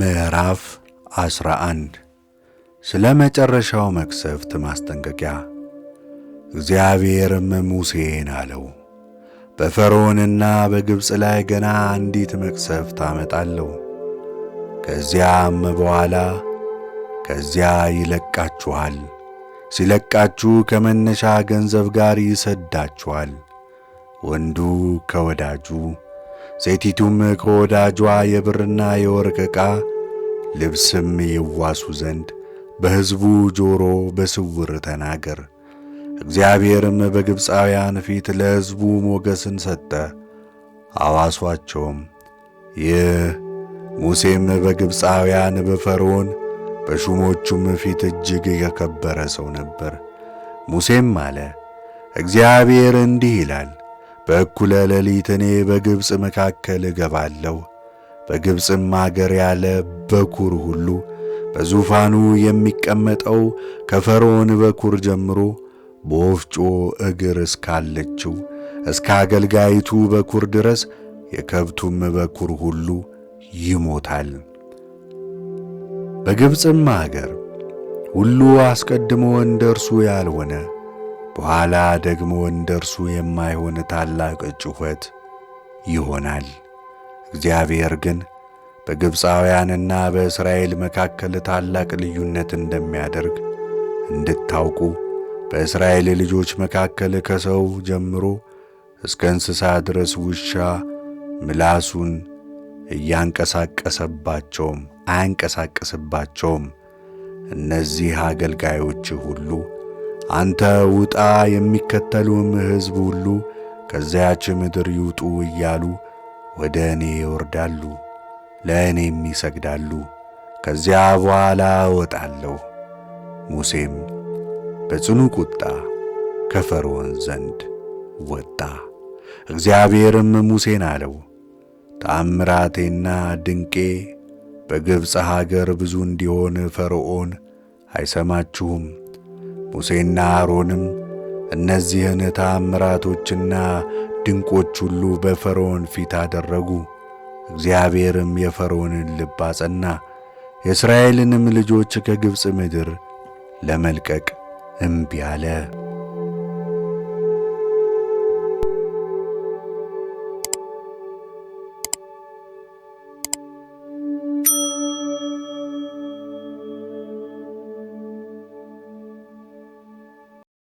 ምዕራፍ 11 ስለ መጨረሻው መቅሰፍት ማስጠንቀቂያ። እግዚአብሔርም ሙሴን አለው፣ በፈርዖንና በግብፅ ላይ ገና አንዲት መቅሰፍት አመጣለሁ፣ ከዚያም በኋላ ከዚያ ይለቃችኋል። ሲለቃችሁ ከመነሻ ገንዘብ ጋር ይሰዳችኋል። ወንዱ ከወዳጁ ሴቲቱም ከወዳጇ የብርና የወርቅ ዕቃ ልብስም ይዋሱ ዘንድ በሕዝቡ ጆሮ በስውር ተናገር። እግዚአብሔርም በግብፃውያን ፊት ለሕዝቡ ሞገስን ሰጠ። አዋሷቸውም ይህ ሙሴም በግብፃውያን በፈርዖን በሹሞቹም ፊት እጅግ የከበረ ሰው ነበር። ሙሴም አለ፣ እግዚአብሔር እንዲህ ይላል በእኩለ ሌሊት እኔ በግብፅ መካከል እገባለሁ። በግብፅም አገር ያለ በኩር ሁሉ በዙፋኑ የሚቀመጠው ከፈርዖን በኩር ጀምሮ በወፍጮ እግር እስካለችው እስከ አገልጋይቱ በኩር ድረስ የከብቱም በኩር ሁሉ ይሞታል። በግብፅም አገር ሁሉ አስቀድሞ እንደ እርሱ ያልሆነ በኋላ ደግሞ እንደ እርሱ የማይሆን ታላቅ ጩኸት ይሆናል። እግዚአብሔር ግን በግብፃውያንና በእስራኤል መካከል ታላቅ ልዩነት እንደሚያደርግ እንድታውቁ በእስራኤል ልጆች መካከል ከሰው ጀምሮ እስከ እንስሳ ድረስ ውሻ ምላሱን እያንቀሳቀሰባቸውም አያንቀሳቀስባቸውም። እነዚህ አገልጋዮች ሁሉ አንተ ውጣ፣ የሚከተሉም ሕዝብ ሁሉ ከዚያች ምድር ይውጡ እያሉ ወደ እኔ ይወርዳሉ፣ ለእኔም ይሰግዳሉ። ከዚያ በኋላ እወጣለሁ። ሙሴም በጽኑ ቁጣ ከፈርዖን ዘንድ ወጣ። እግዚአብሔርም ሙሴን አለው፣ ታምራቴና ድንቄ በግብፅ ሀገር ብዙ እንዲሆን ፈርዖን አይሰማችሁም ሙሴና አሮንም እነዚህን ታምራቶችና ድንቆች ሁሉ በፈርዖን ፊት አደረጉ። እግዚአብሔርም የፈርዖንን ልብ አጸና፣ የእስራኤልንም ልጆች ከግብፅ ምድር ለመልቀቅ እምቢ አለ።